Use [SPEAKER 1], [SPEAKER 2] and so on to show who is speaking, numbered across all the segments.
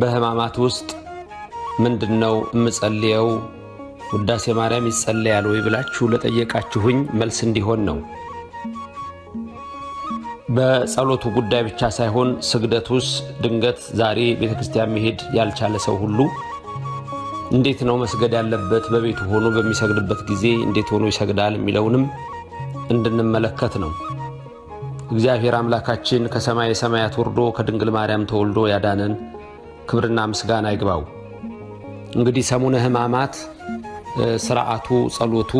[SPEAKER 1] በህማማት ውስጥ ምንድን ነው የምጸልየው? ውዳሴ ማርያም ይጸለያል ወይ ብላችሁ ለጠየቃችሁኝ መልስ እንዲሆን ነው። በጸሎቱ ጉዳይ ብቻ ሳይሆን ስግደቱስ ድንገት ዛሬ ቤተ ክርስቲያን መሄድ ያልቻለ ሰው ሁሉ እንዴት ነው መስገድ ያለበት? በቤቱ ሆኖ በሚሰግድበት ጊዜ እንዴት ሆኖ ይሰግዳል የሚለውንም እንድንመለከት ነው። እግዚአብሔር አምላካችን ከሰማይ ሰማያት ወርዶ ከድንግል ማርያም ተወልዶ ያዳነን ክብርና ምስጋና ይግባው። እንግዲህ ሰሙነ ሕማማት ስርዓቱ፣ ጸሎቱ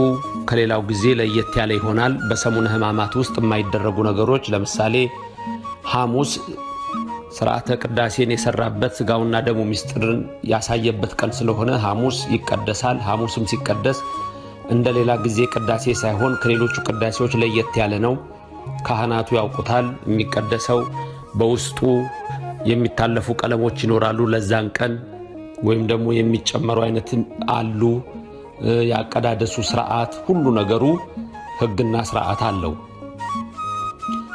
[SPEAKER 1] ከሌላው ጊዜ ለየት ያለ ይሆናል። በሰሙነ ሕማማት ውስጥ የማይደረጉ ነገሮች ለምሳሌ ሐሙስ ስርዓተ ቅዳሴን የሰራበት ስጋውና ደሙ ምስጢርን ያሳየበት ቀን ስለሆነ ሐሙስ ይቀደሳል። ሐሙስም ሲቀደስ እንደ ሌላ ጊዜ ቅዳሴ ሳይሆን ከሌሎቹ ቅዳሴዎች ለየት ያለ ነው። ካህናቱ ያውቁታል። የሚቀደሰው በውስጡ የሚታለፉ ቀለሞች ይኖራሉ ለዛን ቀን ወይም ደግሞ የሚጨመሩ አይነት አሉ። የአቀዳደሱ ስርዓት ሁሉ ነገሩ ህግና ስርዓት አለው።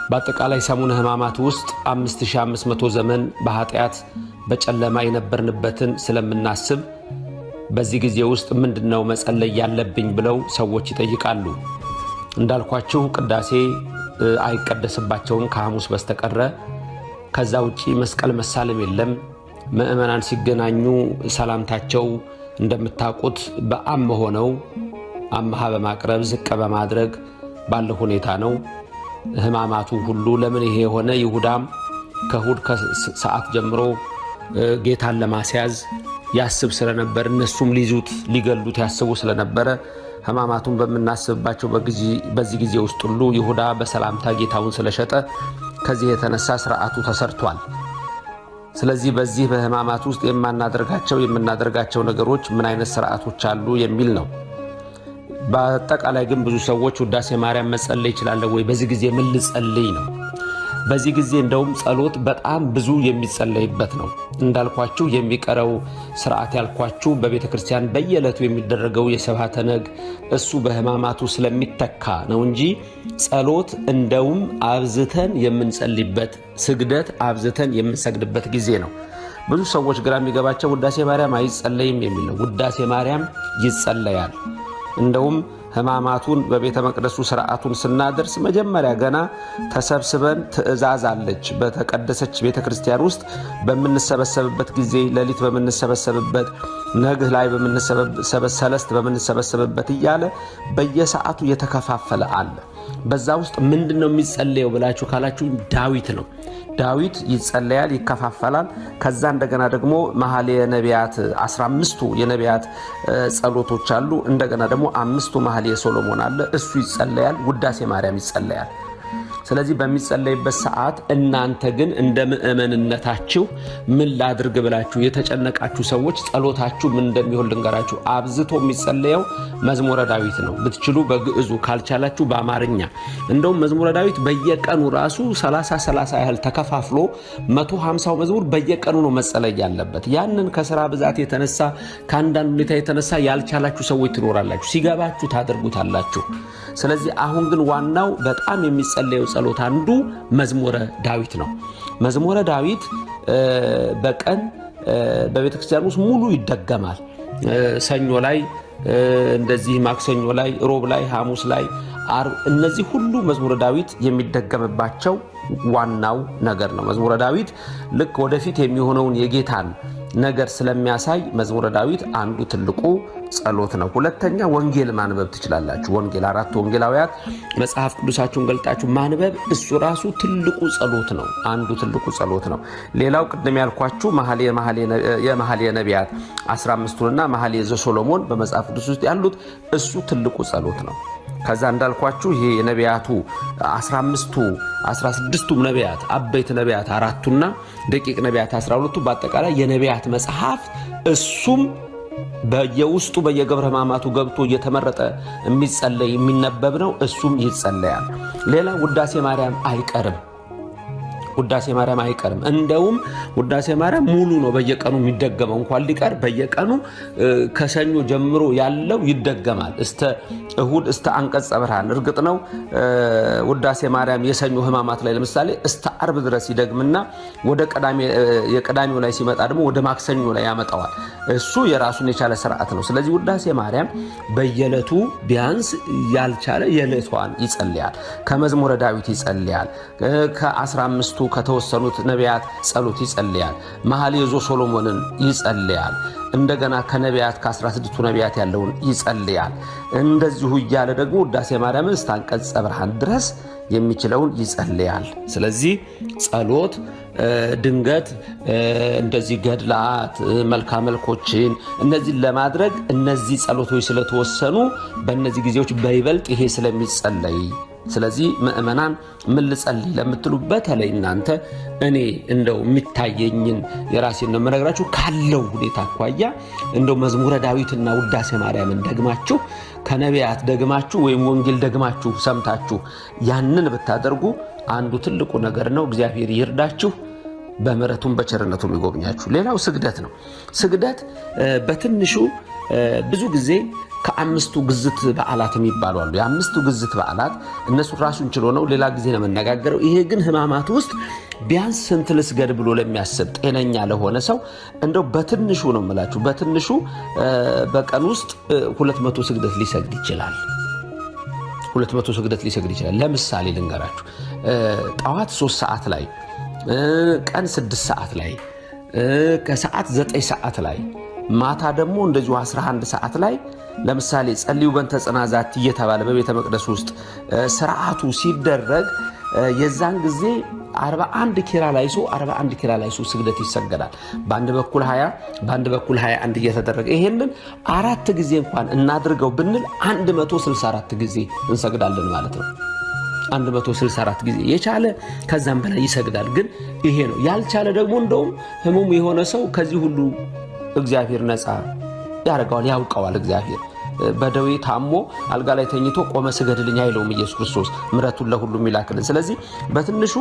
[SPEAKER 1] በአጠቃላይ ሰሙነ ህማማት ውስጥ 5500 ዘመን በኃጢአት በጨለማ የነበርንበትን ስለምናስብ በዚህ ጊዜ ውስጥ ምንድነው መጸለይ ያለብኝ ብለው ሰዎች ይጠይቃሉ። እንዳልኳችሁ ቅዳሴ አይቀደስባቸውም ከሐሙስ በስተቀረ ከዛ ውጪ መስቀል መሳለም የለም። ምእመናን ሲገናኙ ሰላምታቸው እንደምታውቁት በአም ሆነው አምሃ በማቅረብ ዝቅ በማድረግ ባለው ሁኔታ ነው። ሕማማቱ ሁሉ ለምን ይሄ የሆነ ይሁዳም ከእሑድ ከሰዓት ጀምሮ ጌታን ለማስያዝ ያስብ ስለነበር እነሱም ሊይዙት ሊገሉት ያስቡ ስለነበረ ሕማማቱን በምናስብባቸው በዚህ ጊዜ ውስጥ ሁሉ ይሁዳ በሰላምታ ጌታውን ስለሸጠ ከዚህ የተነሳ ስርዓቱ ተሰርቷል። ስለዚህ በዚህ በህማማት ውስጥ የማናደርጋቸው የምናደርጋቸው ነገሮች ምን አይነት ስርዓቶች አሉ የሚል ነው። በአጠቃላይ ግን ብዙ ሰዎች ውዳሴ ማርያም መጸለይ ይችላለሁ ወይ? በዚህ ጊዜ ምን ልጸልይ ነው በዚህ ጊዜ እንደውም ጸሎት በጣም ብዙ የሚጸለይበት ነው። እንዳልኳችሁ የሚቀረው ስርዓት ያልኳችሁ በቤተ ክርስቲያን በየዕለቱ የሚደረገው የሰባተ ነግ እሱ በሕማማቱ ስለሚተካ ነው እንጂ ጸሎት እንደውም አብዝተን የምንጸልይበት ስግደት አብዝተን የምንሰግድበት ጊዜ ነው። ብዙ ሰዎች ግራ የሚገባቸው ውዳሴ ማርያም አይጸለይም የሚል ነው። ውዳሴ ማርያም ይጸለያል እንደውም ሕማማቱን በቤተ መቅደሱ ስርዓቱን ስናደርስ መጀመሪያ ገና ተሰብስበን ትእዛዝ አለች። በተቀደሰች ቤተ ክርስቲያን ውስጥ በምንሰበሰብበት ጊዜ ሌሊት በምንሰበሰብበት ነግህ ላይ ሰለስት በምንሰበሰብበት እያለ በየሰዓቱ የተከፋፈለ አለ። በዛ ውስጥ ምንድን ነው የሚጸለየው ብላችሁ ካላችሁ ዳዊት ነው። ዳዊት ይጸለያል፣ ይከፋፈላል። ከዛ እንደገና ደግሞ መሀል የነቢያት 15ቱ የነቢያት ጸሎቶች አሉ። እንደገና ደግሞ አምስቱ መሀል የሶሎሞን አለ፣ እሱ ይጸለያል። ውዳሴ ማርያም ይጸለያል። ስለዚህ በሚጸለይበት ሰዓት እናንተ ግን እንደ ምእመንነታችሁ ምን ላድርግ ብላችሁ የተጨነቃችሁ ሰዎች ጸሎታችሁ ምን እንደሚሆን ልንገራችሁ። አብዝቶ የሚጸለየው መዝሙረ ዳዊት ነው። ብትችሉ በግዕዙ ካልቻላችሁ በአማርኛ እንደውም መዝሙረ ዳዊት በየቀኑ ራሱ 30 30 ያህል ተከፋፍሎ 150ው መዝሙር በየቀኑ ነው መጸለይ ያለበት። ያንን ከስራ ብዛት የተነሳ ከአንዳንድ ሁኔታ የተነሳ ያልቻላችሁ ሰዎች ትኖራላችሁ። ሲገባችሁ ታደርጉታላችሁ። ስለዚህ አሁን ግን ዋናው በጣም የሚጸለየው ጸሎት አንዱ መዝሙረ ዳዊት ነው። መዝሙረ ዳዊት በቀን በቤተክርስቲያን ውስጥ ሙሉ ይደገማል። ሰኞ ላይ እንደዚህ፣ ማክሰኞ ላይ፣ ሮብ ላይ፣ ሐሙስ ላይ፣ አርብ እነዚህ ሁሉ መዝሙረ ዳዊት የሚደገምባቸው ዋናው ነገር ነው። መዝሙረ ዳዊት ልክ ወደፊት የሚሆነውን የጌታን ነገር ስለሚያሳይ መዝሙረ ዳዊት አንዱ ትልቁ ጸሎት ነው። ሁለተኛ ወንጌል ማንበብ ትችላላችሁ። ወንጌል አራት ወንጌላውያት መጽሐፍ ቅዱሳችሁን ገልጣችሁ ማንበብ እሱ ራሱ ትልቁ ጸሎት ነው። አንዱ ትልቁ ጸሎት ነው። ሌላው ቅድም ያልኳችሁ የመሐሌ ነቢያት 15ቱንና መሐሌ ዘሶሎሞን በመጽሐፍ ቅዱስ ውስጥ ያሉት እሱ ትልቁ ጸሎት ነው። ከዛ እንዳልኳችሁ ይሄ የነቢያቱ 15ቱ 16 ቱም ነቢያት አበይት ነቢያት አራቱና ደቂቅ ነቢያት 12ቱ በአጠቃላይ የነቢያት መጽሐፍ እሱም በየውስጡ በየገብረ ሕማማቱ ገብቶ እየተመረጠ የሚጸለይ የሚነበብ ነው። እሱም ይጸለያል። ሌላ ውዳሴ ማርያም አይቀርም። ውዳሴ ማርያም አይቀርም። እንደውም ውዳሴ ማርያም ሙሉ ነው በየቀኑ የሚደገመው እንኳን ሊቀር በየቀኑ ከሰኞ ጀምሮ ያለው ይደገማል እስተ እሁድ እስተ አንቀጸ ብርሃን። እርግጥ ነው ውዳሴ ማርያም የሰኞ ህማማት ላይ ለምሳሌ እስተ አርብ ድረስ ይደግምና ወደ የቅዳሜው ላይ ሲመጣ ደግሞ ወደ ማክሰኞ ላይ ያመጣዋል። እሱ የራሱን የቻለ ስርዓት ነው። ስለዚህ ውዳሴ ማርያም በየዕለቱ ቢያንስ ያልቻለ የዕለቷን ይጸልያል፣ ከመዝሙረ ዳዊት ይጸልያል፣ ከአስራ አምስቱ ከተወሰኑት ነቢያት ጸሎት ይጸልያል። የዞ ሶሎሞንን ይጸልያል። እንደገና ከነቢያት ከ16ቱ ነቢያት ያለውን ይጸልያል። እንደዚሁ እያለ ደግሞ ውዳሴ ማርያምን እስከ አንቀጸ ብርሃን ድረስ የሚችለውን ይጸልያል። ስለዚህ ጸሎት ድንገት እንደዚህ ገድላት፣ መልካ መልኮችን እነዚህን ለማድረግ እነዚህ ጸሎቶች ስለተወሰኑ በእነዚህ ጊዜዎች በይበልጥ ይሄ ስለሚጸለይ ስለዚህ ምእመናን ምን ልጸልይ ለምትሉ በተለይ እናንተ እኔ እንደው የሚታየኝን የራሴን ነው የምነግራችሁ ካለው ሁኔታ አኳያ እንደው መዝሙረ ዳዊትና ውዳሴ ማርያምን ደግማችሁ ከነቢያት ደግማችሁ ወይም ወንጌል ደግማችሁ ሰምታችሁ ያንን ብታደርጉ አንዱ ትልቁ ነገር ነው። እግዚአብሔር ይርዳችሁ፣ በምሕረቱም በቸርነቱም ይጎብኛችሁ። ሌላው ስግደት ነው። ስግደት በትንሹ ብዙ ጊዜ ከአምስቱ ግዝት በዓላት የሚባሉ አሉ። የአምስቱ ግዝት በዓላት እነሱ ራሱን ችሎ ነው፣ ሌላ ጊዜ ነው የምነጋገረው። ይሄ ግን ህማማት ውስጥ ቢያንስ ስንት ልስገድ ብሎ ለሚያስብ ጤነኛ ለሆነ ሰው እንደው በትንሹ ነው የምላችሁ፣ በትንሹ በቀን ውስጥ 200 ስግደት ሊሰግድ ይችላል። 200 ስግደት ሊሰግድ ይችላል። ለምሳሌ ልንገራችሁ፣ ጠዋት 3 ሰዓት ላይ፣ ቀን 6 ሰዓት ላይ፣ ከሰዓት 9 ሰዓት ላይ ማታ ደግሞ እንደዚሁ 11 ሰዓት ላይ ለምሳሌ ጸልዩ በእንተ ጽናዛት እየተባለ በቤተ መቅደስ ውስጥ ስርዓቱ ሲደረግ የዛን ጊዜ 41 ኪርያላይሶን 41 ኪርያላይሶን ስግደት ይሰገዳል። በአንድ በኩል 20 በአንድ በኩል 21 እየተደረገ ይሄንን አራት ጊዜ እንኳን እናድርገው ብንል 164 ጊዜ እንሰግዳለን ማለት ነው። 164 ጊዜ የቻለ ከዛም በላይ ይሰግዳል። ግን ይሄ ነው ያልቻለ ደግሞ እንደውም ህሙም የሆነ ሰው ከዚህ ሁሉ እግዚአብሔር ነፃ ያደርገዋል፣ ያውቀዋል እግዚአብሔር በደዌ ታሞ አልጋ ላይ ተኝቶ ቆመ ስገድልኝ አይለውም ኢየሱስ ክርስቶስ ምረቱን ለሁሉም ይላክልን። ስለዚህ በትንሹ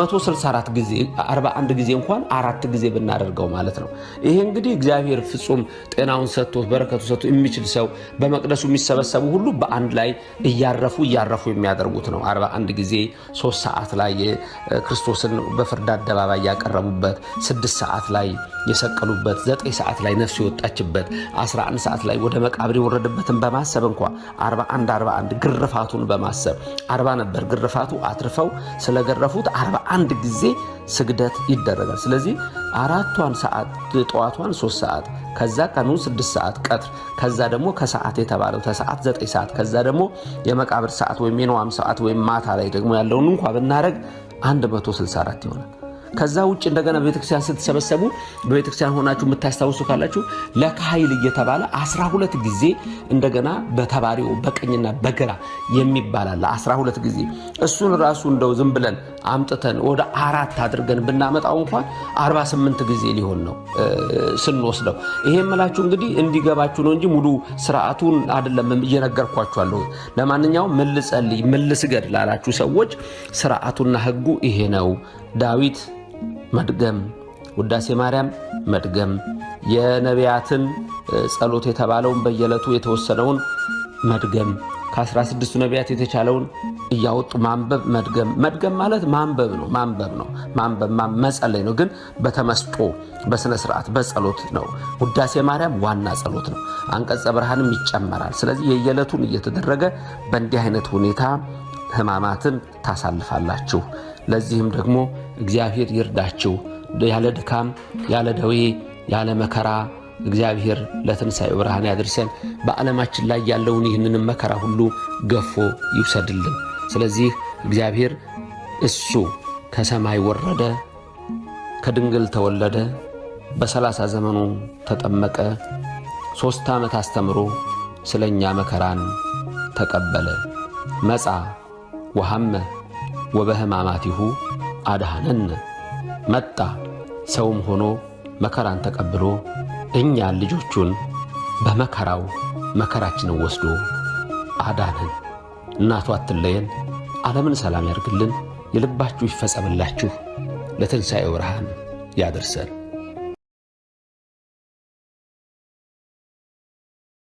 [SPEAKER 1] 164 ጊዜ 41 ጊዜ እንኳን አራት ጊዜ ብናደርገው ማለት ነው። ይሄ እንግዲህ እግዚአብሔር ፍጹም ጤናውን ሰጥቶት በረከቱ ሰጥቶ የሚችል ሰው በመቅደሱ የሚሰበሰቡ ሁሉ በአንድ ላይ እያረፉ እያረፉ የሚያደርጉት ነው። 41 ጊዜ ሶስት ሰዓት ላይ ክርስቶስን በፍርድ አደባባይ ያቀረቡበት፣ ስድስት ሰዓት ላይ የሰቀሉበት፣ ዘጠኝ ሰዓት ላይ ነፍሱ የወጣችበት፣ 11 ሰዓት ላይ ወደ መቃብር የሚፈረድበትን በማሰብ እንኳ 41 41 ግርፋቱን በማሰብ 40 ነበር ግርፋቱ አትርፈው ስለገረፉት 41 ጊዜ ስግደት ይደረጋል። ስለዚህ አራቷን ሰዓት ጠዋቷን 3 ሰዓት፣ ከዛ ቀኑ 6 ሰዓት ቀትር፣ ከዛ ደግሞ ከሰዓት የተባለው ተሰዓት 9 ሰዓት፣ ከዛ ደግሞ የመቃብር ሰዓት ወይም የነዋም ሰዓት ወይም ማታ ላይ ደግሞ ያለውን እንኳ ብናደረግ 164 ይሆናል። ከዛ ውጭ እንደገና በቤተክርስቲያን ስትሰበሰቡ በቤተክርስቲያን ሆናችሁ የምታስታውሱ ካላችሁ ለካሀይል እየተባለ 12 ጊዜ እንደገና በተባሪው በቀኝና በግራ የሚባላል 12 ጊዜ እሱን ራሱ እንደው ዝም ብለን አምጥተን ወደ አራት አድርገን ብናመጣው እንኳን 48 ጊዜ ሊሆን ነው ስንወስደው። ይሄ የምላችሁ እንግዲህ እንዲገባችሁ ነው እንጂ ሙሉ ስርዓቱን አይደለም እየነገርኳችኋለሁ። ለማንኛውም ምን ልጸልይ ምን ልስገድ ላላችሁ ሰዎች ስርዓቱና ህጉ ይሄ ነው ዳዊት መድገም ውዳሴ ማርያም መድገም የነቢያትን ጸሎት የተባለውን በየዕለቱ የተወሰነውን መድገም ከ16ቱ ነቢያት የተቻለውን እያወጡ ማንበብ መድገም። መድገም ማለት ማንበብ ነው ማንበብ ነው ማንበብ መጸለይ ነው፣ ግን በተመስጦ በሥነ ስርዓት በጸሎት ነው። ውዳሴ ማርያም ዋና ጸሎት ነው። አንቀጸ ብርሃንም ይጨመራል። ስለዚህ የየዕለቱን እየተደረገ በእንዲህ አይነት ሁኔታ ህማማትን ታሳልፋላችሁ። ለዚህም ደግሞ እግዚአብሔር ይርዳችሁ። ያለ ድካም፣ ያለ ደዌ፣ ያለ መከራ እግዚአብሔር ለትንሣኤ ብርሃን ያድርሰን። በዓለማችን ላይ ያለውን ይህንንም መከራ ሁሉ ገፎ ይውሰድልን። ስለዚህ እግዚአብሔር እሱ ከሰማይ ወረደ፣ ከድንግል ተወለደ፣ በሰላሳ ዘመኑ ተጠመቀ፣ ሦስት ዓመት አስተምሮ ስለ እኛ መከራን ተቀበለ መጻ ወሐመ ወበሕማማቲሁ አድኃነነ መጣ ሰውም ሆኖ መከራን ተቀብሎ እኛን ልጆቹን በመከራው መከራችንን ወስዶ አዳንን። እናቱ አትለየን። ዓለምን ሰላም ያርግልን። የልባችሁ ይፈጸምላችሁ። ለትንሣኤው ብርሃን ያደርሰን።